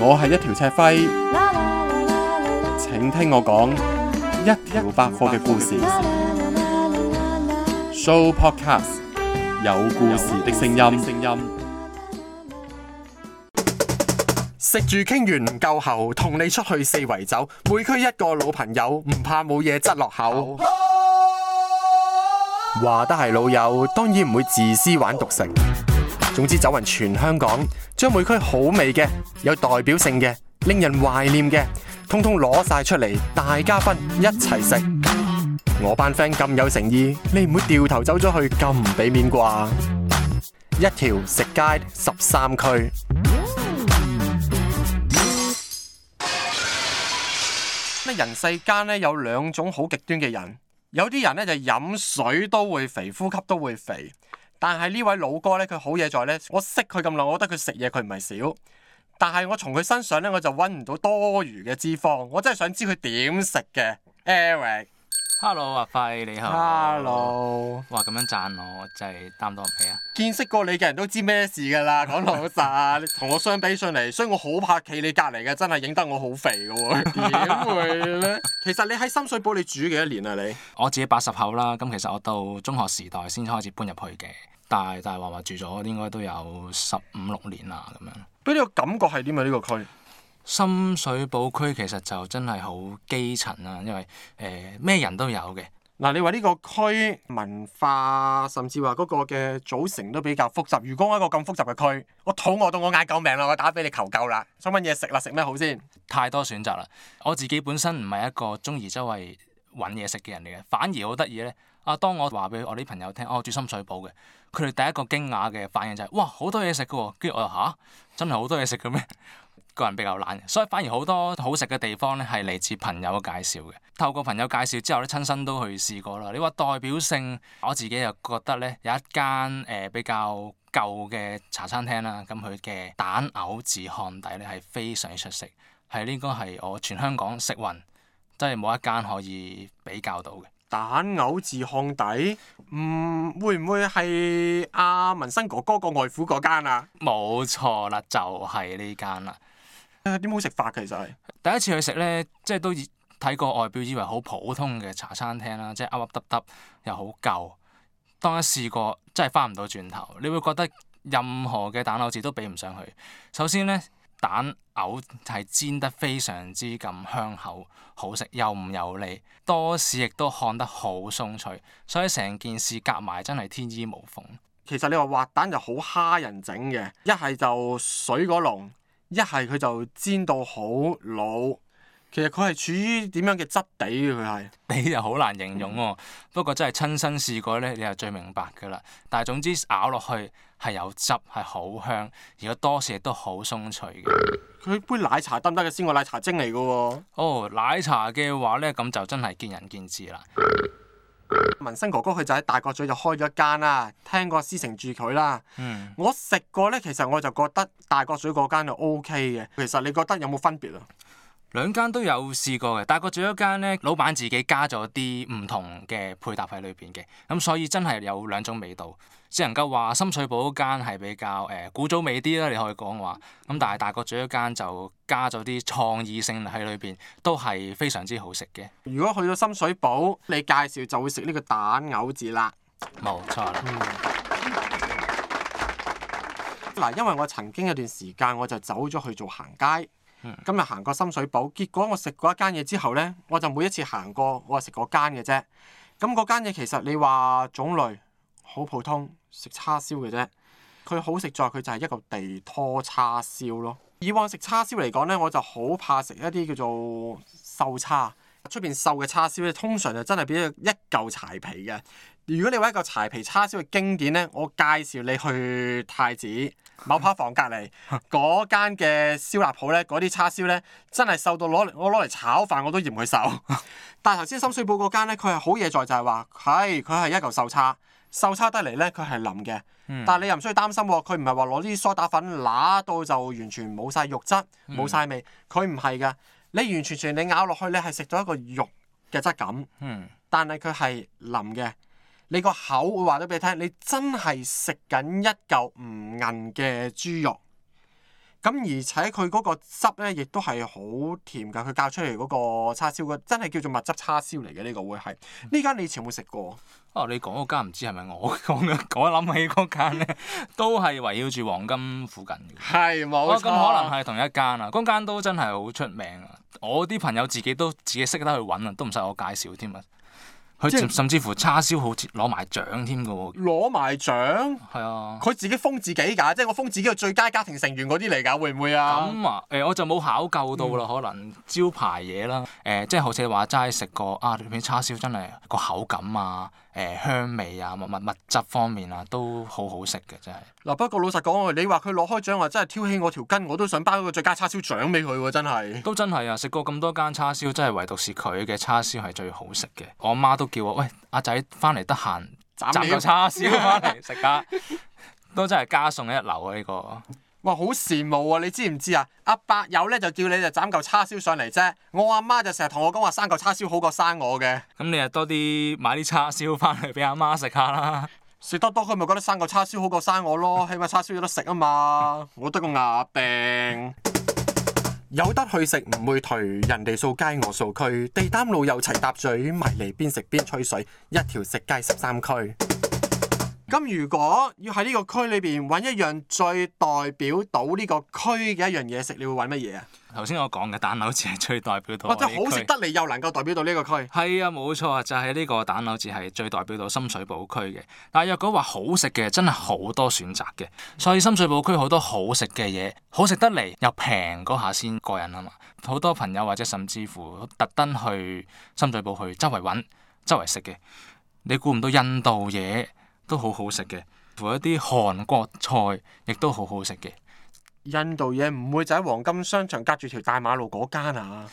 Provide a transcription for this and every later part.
我係一條赤輝，請聽我講一條百貨嘅故事。故事 Show Podcast 有故事的聲音。食住傾完夠喉，同你出去四圍走，每區一個老朋友，唔怕冇嘢執落口。話得係老友，當然唔會自私玩獨食。總之走匀全香港，將每區好味嘅、有代表性嘅、令人懷念嘅，通通攞晒出嚟，大家分一齊食。我班 friend 咁有誠意，你唔會掉頭走咗去咁唔俾面啩？一條食街十三區，人世間呢，有兩種好極端嘅人，有啲人呢，就飲水都會肥，呼吸都會肥。但係呢位老哥呢，佢好嘢在呢。我識佢咁耐，我覺得佢食嘢佢唔係少，但係我從佢身上呢，我就揾唔到多餘嘅脂肪，我真係想知佢點食嘅。Eric，Hello，阿輝，你好。Hello。哇，咁樣讚我，真係擔當唔起啊！見識過你嘅人都知咩事噶啦，講老實啊，同 我相比上嚟，所以我好怕企你隔籬嘅，真係影得我好肥噶喎，點會呢？ 其實你喺深水埗你住幾多年啊？你我自己八十後啦，咁其實我到中學時代先開始搬入去嘅。大大但係，話話住咗應該都有十五六年啦，咁樣。俾你個感覺係點啊？呢、這個區深水埗區其實就真係好基層啦、啊，因為誒咩、呃、人都有嘅。嗱、啊，你話呢個區文化甚至話嗰個嘅組成都比較複雜。如果我一個咁複雜嘅區，我肚餓到我嗌救命啦，我打俾你求救啦，想搵嘢食啦，食咩好先？太多選擇啦！我自己本身唔係一個中意周圍搵嘢食嘅人嚟嘅，反而好得意呢。啊！當我話俾我啲朋友聽，我、哦、住深水埗嘅，佢哋第一個驚訝嘅反應就係、是：哇，好多嘢食㗎喎！跟住我又吓、啊，真係好多嘢食嘅咩？個人比較懶，所以反而好多好食嘅地方咧，係嚟自朋友嘅介紹嘅。透過朋友介紹之後咧，親身都去試過啦。你話代表性，我自己又覺得咧，有一間誒、呃、比較舊嘅茶餐廳啦，咁佢嘅蛋牛治漢底咧係非常出色，係應該係我全香港食勻真係冇一間可以比較到嘅。蛋偶字烘底，唔、嗯、會唔會係阿文生哥哥個外父嗰間啊？冇錯啦，就係呢間啦。點、啊、好食法、啊、其實係第一次去食呢，即係都以睇個外表以為好普通嘅茶餐廳啦，即係凹凹凸凸又好舊。當一試過真係翻唔到轉頭，你會覺得任何嘅蛋偶字都比唔上佢。首先呢。蛋藕係煎得非常之咁香口，好食又唔油膩，多士亦都烘得好鬆脆，所以成件事夾埋真係天衣無縫。其實你話滑蛋就好蝦人整嘅，一係就水過籠，一係佢就煎到好老。其實佢係處於點樣嘅質地？佢係？你就好難形容喎、哦。不過真係親身試過呢，你係最明白噶啦。但係總之咬落去。係有汁，係好香，而個多士亦都好鬆脆嘅。佢杯奶茶得唔得嘅？先個奶茶精嚟㗎喎。哦，oh, 奶茶嘅話呢，咁就真係見仁見智啦。文生哥哥佢就喺大角咀就開咗一間啦，聽過師承住佢啦。嗯。我食過呢，其實我就覺得大角咀嗰間就 O K 嘅。其實你覺得有冇分別啊？兩間都有試過嘅，大角咀一間呢，老闆自己加咗啲唔同嘅配搭喺裏邊嘅，咁所以真係有兩種味道。只能夠話深水埗嗰間係比較誒、呃、古早味啲啦，你可以講話。咁但係大角咀一間就加咗啲創意性喺裏邊，都係非常之好食嘅。如果去到深水埗，你介紹就會食呢個蛋藕子啦。冇錯啦。嗱、嗯，因為我曾經有段時間，我就走咗去做行街。今日行過深水埗，結果我食過一間嘢之後呢，我就每一次行過我係食嗰間嘅啫。咁嗰間嘢其實你話種類好普通，食叉燒嘅啫。佢好食在佢就係一個地拖叉燒咯。以往食叉燒嚟講呢，我就好怕食一啲叫做瘦叉，出邊瘦嘅叉燒呢，通常就真係變一嚿柴皮嘅。如果你話一個柴皮叉燒嘅經典呢，我介紹你去太子某扒房隔離嗰間嘅燒臘鋪呢。嗰啲叉燒呢，真係瘦到攞嚟，我攞嚟炒飯我都嫌佢瘦。 但係頭先深水埗嗰間咧，佢係好嘢在就係話係佢係一嚿瘦叉，瘦叉得嚟呢，佢係淋嘅。嗯、但係你又唔需要擔心，佢唔係話攞啲梳打粉乸到就完全冇晒肉質冇晒、嗯、味，佢唔係㗎。你完全全你咬落去，你係食咗一個肉嘅質感，但係佢係淋嘅。你個口會話咗俾你聽，你真係食緊一嚿唔韌嘅豬肉，咁而且佢嗰個汁咧亦都係好甜噶。佢教出嚟嗰個叉燒真係叫做蜜汁叉燒嚟嘅。呢個會係呢間，你以前有食過啊？你講嗰間唔知係咪我講嘅？我諗起嗰間咧都係圍繞住黃金附近嘅，係冇錯。咁、啊、可能係同一間啊？嗰間都真係好出名啊！我啲朋友自己都自己識得去揾啊，都唔使我介紹添啊！佢甚至乎叉燒好似攞埋獎添㗎喎，攞埋獎？係啊，佢自己封自己㗎，即係我封自己個最佳家庭成員嗰啲嚟㗎，會唔會啊？咁啊，誒、欸、我就冇考究到啦，嗯、可能招牌嘢啦，誒、呃、即係好似你話齋食過啊，入邊叉燒真係個口感啊～誒香味啊，物物物質方面啊，都好好食嘅，真係。嗱，不過老實講，你話佢攞開獎話真係挑起我條筋，我都想頒一個最佳叉燒獎俾佢喎，真係。都真係啊！食過咁多間叉燒，真係唯獨是佢嘅叉燒係最好食嘅。我媽都叫我喂，阿仔翻嚟得閒攢個叉燒翻嚟食下， 都真係加餸一流啊呢個。哇，好羨慕啊！你知唔知啊？阿伯有呢，就叫你就斬嚿叉燒上嚟啫。我阿媽就成日同我講話生嚿叉燒好過生我嘅。咁你啊多啲買啲叉燒返嚟俾阿媽食下啦。食得多佢咪覺得生嚿叉燒好過生我咯？起碼叉燒有得食啊嘛！ 我得個牙病，呃、有得去食唔會頹。人哋掃街我掃區，地膽路又齊搭嘴，埋嚟邊食邊吹水，一條食街十三區。咁如果要喺呢個區裏邊揾一樣最代表到呢個區嘅一樣嘢食，你會揾乜嘢啊？頭先我講嘅蛋撻好似係最代表到，或者好食得嚟又能夠代表到呢個區。係啊，冇錯啊，就係、是、呢個蛋撻好似係最代表到深水埗區嘅。但係若果話好食嘅，真係好多選擇嘅，所以深水埗區好多好食嘅嘢，好食得嚟又平嗰下先過癮啊嘛。好多朋友或者甚至乎特登去深水埗去周圍揾周圍食嘅，你估唔到印度嘢。都好好食嘅，同一啲韓國菜亦都好好食嘅。印度嘢唔會就喺黃金商場隔住條大馬路嗰間啊，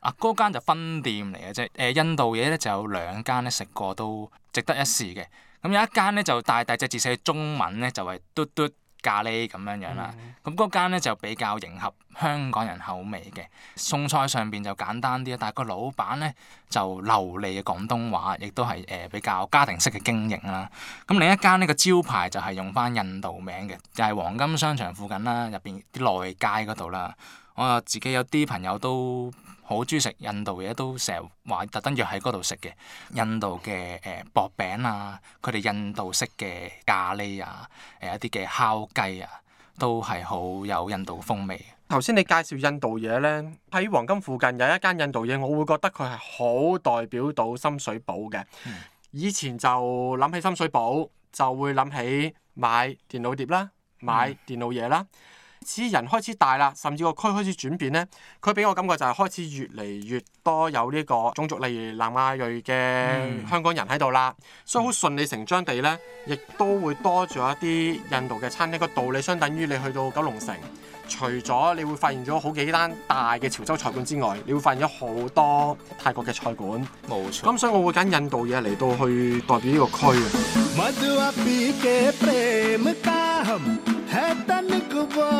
啊嗰間就分店嚟嘅啫。誒，印度嘢咧就有兩間咧，食過都值得一試嘅。咁有一間咧就大大隻字寫中文咧，就係嘟嘟。咖喱咁樣樣啦，咁嗰、mm hmm. 間咧就比較迎合香港人口味嘅，餸菜上邊就簡單啲啦，但係個老闆咧就流利嘅廣東話，亦都係誒比較家庭式嘅經營啦。咁另一間呢個招牌就係用翻印度名嘅，就係、是、黃金商場附近啦，入邊啲內街嗰度啦。我啊自己有啲朋友都。好鍾意食印度嘢，都成日話特登約喺嗰度食嘅，印度嘅誒薄餅啊，佢哋印度式嘅咖喱啊，誒一啲嘅烤雞啊，都係好有印度風味。頭先你介紹印度嘢呢，喺黃金附近有一間印度嘢，我會覺得佢係好代表到深水埗嘅。嗯、以前就諗起深水埗就會諗起買電腦碟啦，買電腦嘢啦。嗯似人開始大啦，甚至個區開始轉變呢，佢俾我感覺就係開始越嚟越多有呢個種族，例如南亞裔嘅香港人喺度啦，嗯、所以好順理成章地呢，亦都會多咗一啲印度嘅餐廳。個道理相等於你去到九龍城，除咗你會發現咗好幾單大嘅潮州菜館之外，你會發現咗好多泰國嘅菜館。冇錯。咁所以我會揀印度嘢嚟到去代表呢個區。錯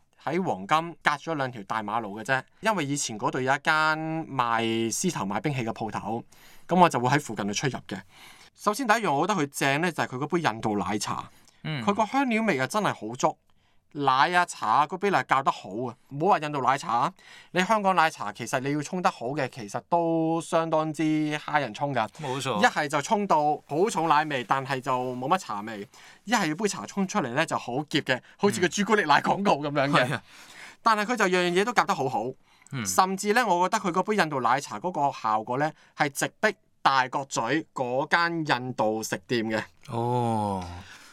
喺黃金隔咗兩條大馬路嘅啫，因為以前嗰度有一間賣絲綢賣兵器嘅鋪頭，咁我就會喺附近度出入嘅。首先第一樣我覺得佢正呢，就係佢嗰杯印度奶茶，佢個香料味啊真係好足。奶啊茶啊，嗰杯奶夾得好啊！唔好話印度奶茶，你香港奶茶其實你要沖得好嘅，其實都相當之蝦人沖㗎。冇錯。一係就沖到好重奶味，但係就冇乜茶味；一係要杯茶沖出嚟呢就好澀嘅，好似個朱古力奶廣告咁樣嘅。嗯 係啊、但係佢就樣樣嘢都夾得好好，嗯、甚至呢，我覺得佢嗰杯印度奶茶嗰個效果呢，係直逼大角咀嗰間印度食店嘅。哦。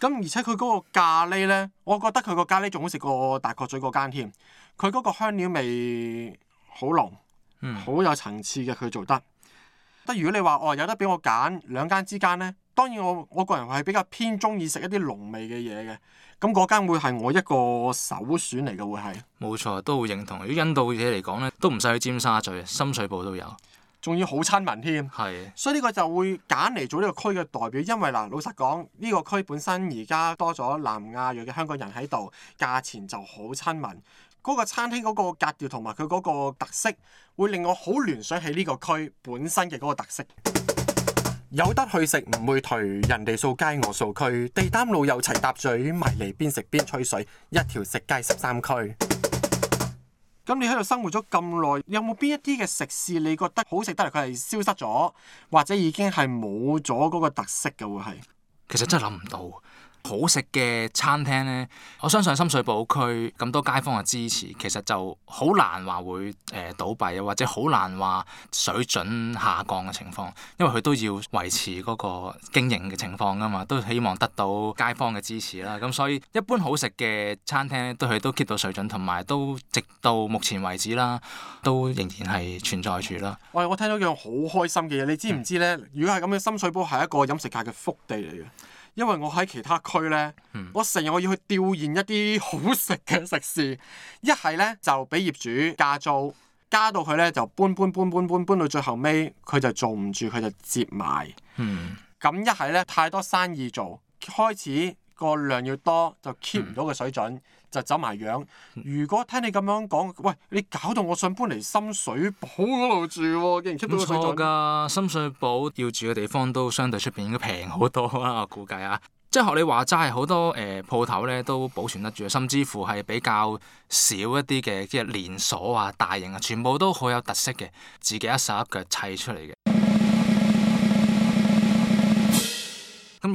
咁而且佢嗰個咖喱咧，我覺得佢個咖喱仲好食過大角咀嗰間添。佢嗰個香料味好濃，好有層次嘅佢做得。但如果你話哦，有得俾我揀兩間之間咧，當然我我個人係比較偏鍾意食一啲濃味嘅嘢嘅。咁嗰間會係我一個首選嚟嘅會係。冇錯，都會認同。如果印度嘢嚟講咧，都唔使去尖沙咀，深水埗都有。仲要好親民添，係。所以呢個就會揀嚟做呢個區嘅代表，因為嗱，老實講，呢個區本身而家多咗南亞裔嘅香港人喺度，價錢就好親民，嗰個餐廳嗰個格調同埋佢嗰個特色，會令我好聯想起呢個區本身嘅嗰個特色。有得去食唔會頹，人哋掃街我掃區，地攤路又齊搭嘴，埋嚟邊食邊吹水，一條食街十三區。咁你喺度生活咗咁耐，有冇邊一啲嘅食肆你覺得好食得嚟？佢係消失咗，或者已經係冇咗嗰個特色嘅會係，其實真係諗唔到。好食嘅餐廳呢，我相信深水埗區咁多街坊嘅支持，其實就好難話會誒倒閉啊，或者好難話水準下降嘅情況，因為佢都要維持嗰個經營嘅情況噶嘛，都希望得到街坊嘅支持啦。咁所以一般好食嘅餐廳都佢都 keep 到水準，同埋都直到目前為止啦，都仍然係存在住啦。喂，我聽到一樣好開心嘅嘢，你知唔知呢？嗯、如果係咁嘅深水埗係一個飲食界嘅福地嚟嘅。因為我喺其他區呢，嗯、我成日我要去調研一啲好食嘅食肆，一係呢，就俾業主加租，加到佢呢就搬搬搬搬搬，搬到最後尾佢就做唔住，佢就接埋。咁一係呢，太多生意做，開始。個量要多就 keep 唔到個水準，嗯、就走埋樣。如果聽你咁樣講，喂，你搞到我想搬嚟深水埗嗰度住喎、啊，竟然出到水準。唔錯噶，深水埗要住嘅地方都相對出邊應該平好多啦，我估計啊。即係學你話齋，好多誒鋪頭咧都保存得住，甚至乎係比較少一啲嘅，即係連鎖啊、大型啊，全部都好有特色嘅，自己一手一腳砌出嚟嘅。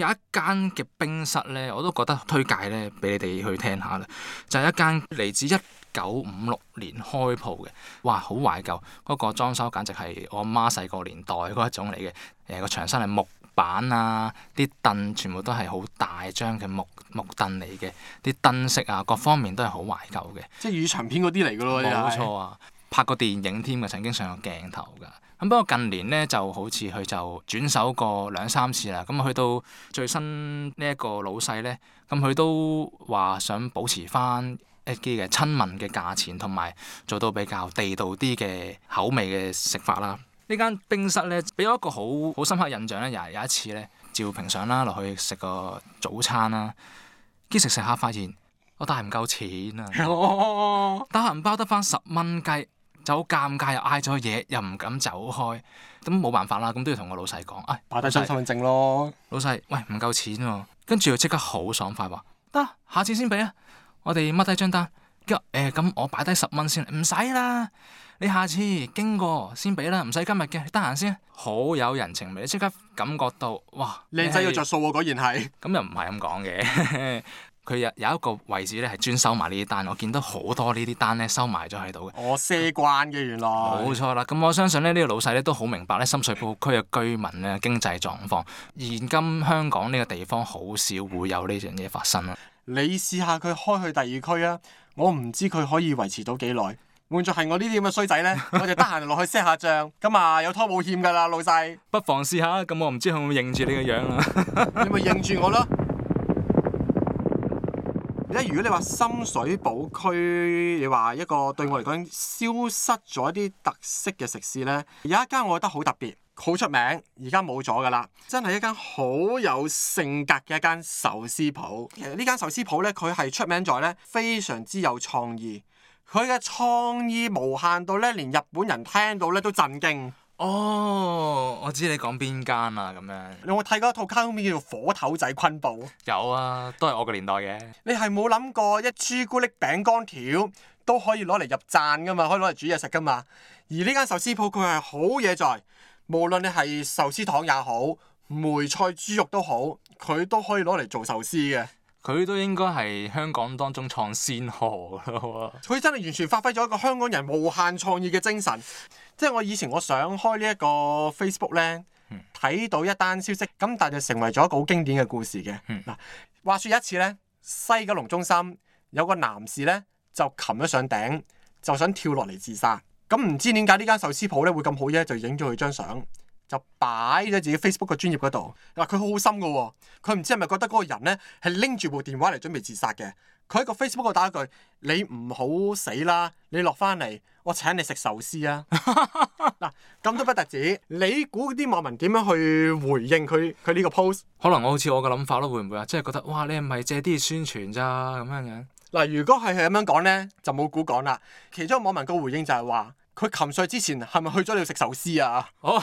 有一間嘅冰室咧，我都覺得推介咧俾你哋去聽下啦，就係、是、一間嚟自一九五六年開鋪嘅，哇好懷舊，嗰、那個裝修簡直係我媽細個年代嗰一種嚟嘅，誒、呃、個牆身係木板啊，啲凳全部都係好大張嘅木木凳嚟嘅，啲燈飾啊各方面都係好懷舊嘅，即係粵語長片嗰啲嚟嘅咯，冇錯啊，啊拍過電影添嘅，曾經上過鏡頭㗎。咁不過近年咧，就好似佢就轉手過兩三次啦。咁去到最新呢一個老細咧，咁佢都話想保持翻一啲嘅親民嘅價錢，同埋做到比較地道啲嘅口味嘅食法啦。呢 間冰室咧，俾我一個好好深刻印象咧，又係有一次咧，照平常啦，落去食個早餐啦，跟住食食下發現，我帶唔夠錢啊，打銀 包得翻十蚊雞。就好尷尬，又嗌咗嘢，又唔敢走開，咁冇辦法啦，咁都要同個老細講，誒、哎，擺低張身份證咯，Boy, 老細，喂，唔夠錢喎，跟住即刻好爽快話，得，下次先俾啊。」我哋 mark 低張單，跟住誒，咁我擺低十蚊先，唔使啦，你下次經過先俾啦，唔使今日嘅，得閒先，好有人情味，即刻感覺到，哇，靚仔又着數喎，果然係，咁、 呃、又唔係咁講嘅。佢有有一個位置咧，係專收埋呢啲單。我見到好多呢啲單咧，收埋咗喺度嘅。我卸慣嘅原來。冇 錯啦，咁我相信咧，呢個老細咧都好明白咧，深水埗區嘅居民咧經濟狀況。現今香港呢個地方好少會有呢樣嘢發生啦。你試下佢開去第二區啊！我唔知佢可以維持到幾耐。換作係我呢啲咁嘅衰仔咧， 我就得閒落去蝕下帳。咁啊，有拖冇欠噶啦，老細。不妨試下，咁我唔知佢會唔會認住你個樣啊？ 你咪認住我咯！ 如果你話深水埗區，你話一個對我嚟講消失咗一啲特色嘅食肆呢，有一間我覺得好特別、好出名，而家冇咗㗎喇，真係一間好有性格嘅一間壽司鋪。其實呢間壽司鋪呢，佢係出名在呢，非常之有創意，佢嘅創意無限到呢，連日本人聽到呢都震驚。哦，我知你講邊間啦，咁樣，你有冇睇過一套卡通片叫做《火頭仔昆布》？有啊，都係我個年代嘅。你係冇諗過一朱古力餅乾條都可以攞嚟入贊噶嘛？可以攞嚟煮嘢食噶嘛？而呢間壽司鋪佢係好嘢在，無論你係壽司糖也好，梅菜豬肉都好，佢都可以攞嚟做壽司嘅。佢都應該係香港當中創先河啦，佢 真係完全發揮咗一個香港人無限創意嘅精神。即係我以前我想開呢一個 Facebook 呢，睇、嗯、到一單消息，咁但係成為咗一個好經典嘅故事嘅。嗱、嗯，話説有一次呢，西九龍中心有個男士呢，就擒咗上頂，就想跳落嚟自殺。咁唔知點解呢間壽司鋪呢會咁好咧，就影咗佢張相。就擺咗自己 Facebook 嘅專頁嗰度，話佢好好心㗎喎、哦，佢唔知係咪覺得嗰個人呢係拎住部電話嚟準備自殺嘅，佢喺個 Facebook 度打一句：你唔好死啦，你落翻嚟，我請你食壽司啊！嗱，咁都、 啊、不特止，你估啲網民點樣去回應佢佢呢個 post？可能好我好似我嘅諗法咯，會唔會啊？即係覺得哇，你係咪借啲宣傳咋咁樣樣？嗱、啊，如果係咁樣講呢，就冇估講啦。其中網民個回應就係、是、話，佢沉睡之前係咪去咗你度食壽司啊？哦，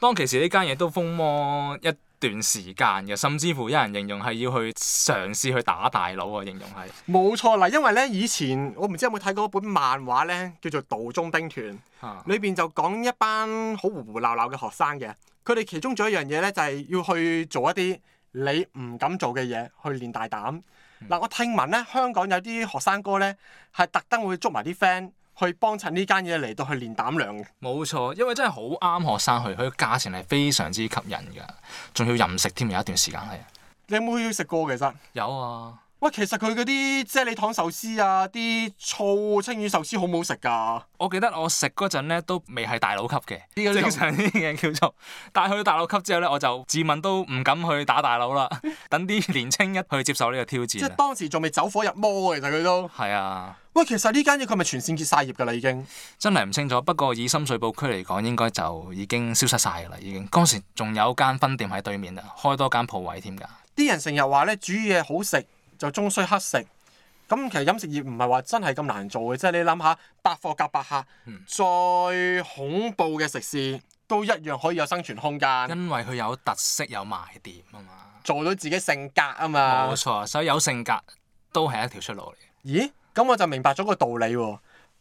當其時呢間嘢都風魔一段時間嘅，甚至乎有人形容係要去嘗試去打大佬啊，形容係。冇錯啦，因為呢以前我唔知有冇睇過一本漫畫呢，叫做《道中兵團》，裏邊、啊、就講一班好胡胡鬧鬧嘅學生嘅，佢哋其中仲有一樣嘢呢，就係要去做一啲你唔敢做嘅嘢，去練大膽。嗱、嗯，我聽聞呢香港有啲學生哥呢，係特登會捉埋啲 friend。去幫襯呢間嘢嚟到去練膽量。冇錯，因為真係好啱學生去，佢價錢係非常之吸引㗎，仲要任食添，有一段時間係。你有冇去食過其實？有啊。喂，其實佢嗰啲即係你糖壽司啊，啲醋青魚壽司好唔好食㗎？我記得我食嗰陣咧，都未係大佬級嘅。呢個種正常啲嘅叫做。但係去到大佬級之後咧，我就自問都唔敢去打大佬啦。 等啲年青一去接受呢個挑戰。即係當時仲未走火入魔，啊，其實佢都。係啊。喂，其實呢間嘢佢咪全線結晒業㗎啦？已經。真係唔清楚，不過以深水埗區嚟講，應該就已經消失晒㗎啦。已經嗰時仲有間分店喺對面啊，開多間鋪位添㗎。啲人成日話咧，煮嘢好食。就終須乞食，咁其實飲食業唔係話真係咁難做嘅，即係你諗下，百貨夾百客，再、嗯、恐怖嘅食肆都一樣可以有生存空間，因為佢有特色有賣點啊嘛，做到自己性格啊嘛，冇錯，所以有性格都係一條出路嚟。咦？咁我就明白咗個道理喎。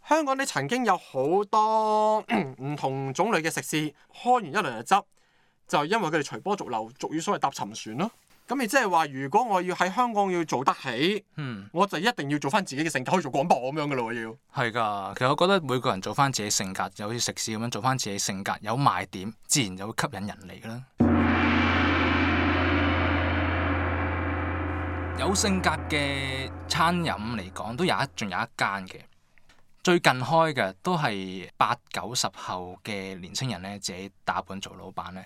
香港你曾經有好多唔 同種類嘅食肆開完一輪就執，就係、因為佢哋隨波逐流，俗語所謂搭沉船咯。咁你即係話，如果我要喺香港要做得起，嗯，我就一定要做翻自己嘅性格，可以做廣播咁樣嘅咯，要係㗎。其實我覺得每個人做翻自己性格，就好似食肆咁樣做翻自己性格有賣點，自然就會吸引人嚟㗎啦。 有性格嘅餐飲嚟講，都有一仲有一間嘅，最近開嘅都係八九十後嘅年輕人咧，自己打本做老闆咧。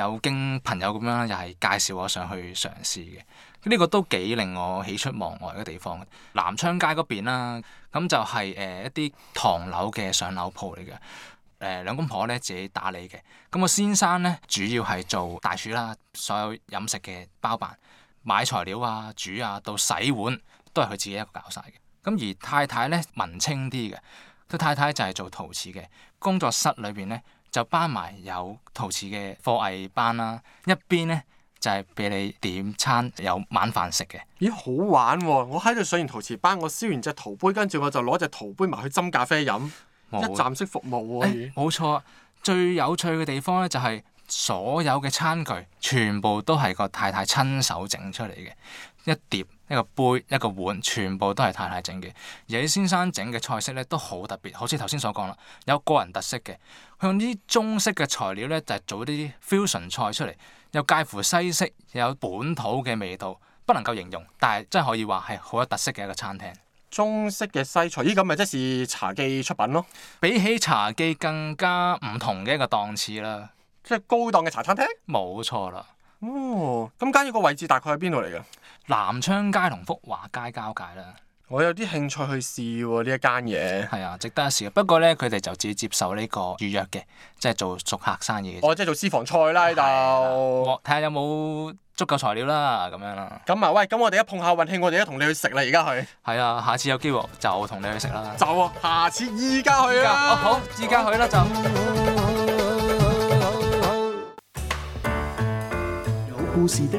有經朋友咁樣又係介紹我上去嘗試嘅，呢個都幾令我喜出望外嘅地方。南昌街嗰邊啦，咁就係誒一啲唐樓嘅上樓鋪嚟嘅，誒兩公婆咧自己打理嘅。咁我先生咧主要係做大廚啦，所有飲食嘅包辦，買材料啊、煮啊到洗碗都係佢自己一個搞晒嘅。咁而太太咧文青啲嘅，佢太太就係做陶瓷嘅工作室裏邊咧。就包埋有陶瓷嘅課藝班啦、啊，一邊咧就係、是、俾你點餐，有晚飯食嘅。咦，好玩喎、哦！我喺度上完陶瓷班，我燒完隻陶杯，跟住我就攞隻陶杯埋去斟咖啡飲，有一站式服務喎、啊。哎，冇錯，最有趣嘅地方咧就係所有嘅餐具全部都係個太太親手整出嚟嘅一碟。一個杯一個碗，全部都係太太整嘅。而先生整嘅菜式咧都好特別，好似頭先所講啦，有個人特色嘅。佢用啲中式嘅材料咧，就係做啲 fusion 菜出嚟，又介乎西式，又有本土嘅味道，不能夠形容，但係真係可以話係好有特色嘅一個餐廳。中式嘅西菜，咦咁咪即係茶記出品咯？比起茶記更加唔同嘅一個檔次啦，即係高檔嘅茶餐廳？冇錯啦。哦，咁間嘢個位置大概喺邊度嚟嘅？南昌街同福華街交界啦。我有啲興趣去試喎呢一間嘢。係啊，啊，值得一試。不過咧，佢哋就只接受呢個預約嘅，即係做熟客生意。哦，即係做私房菜啦，度。我睇下有冇足夠材料啦，咁樣啦。咁啊，喂！咁我哋一碰一下運氣，我哋一同你去食啦。而家去。係 啊，下次有機會就同你去食啦。就、啊，下次依家去 七 Witcher ixes fez 啊。好，依家去啦就。dul Defense 有故事的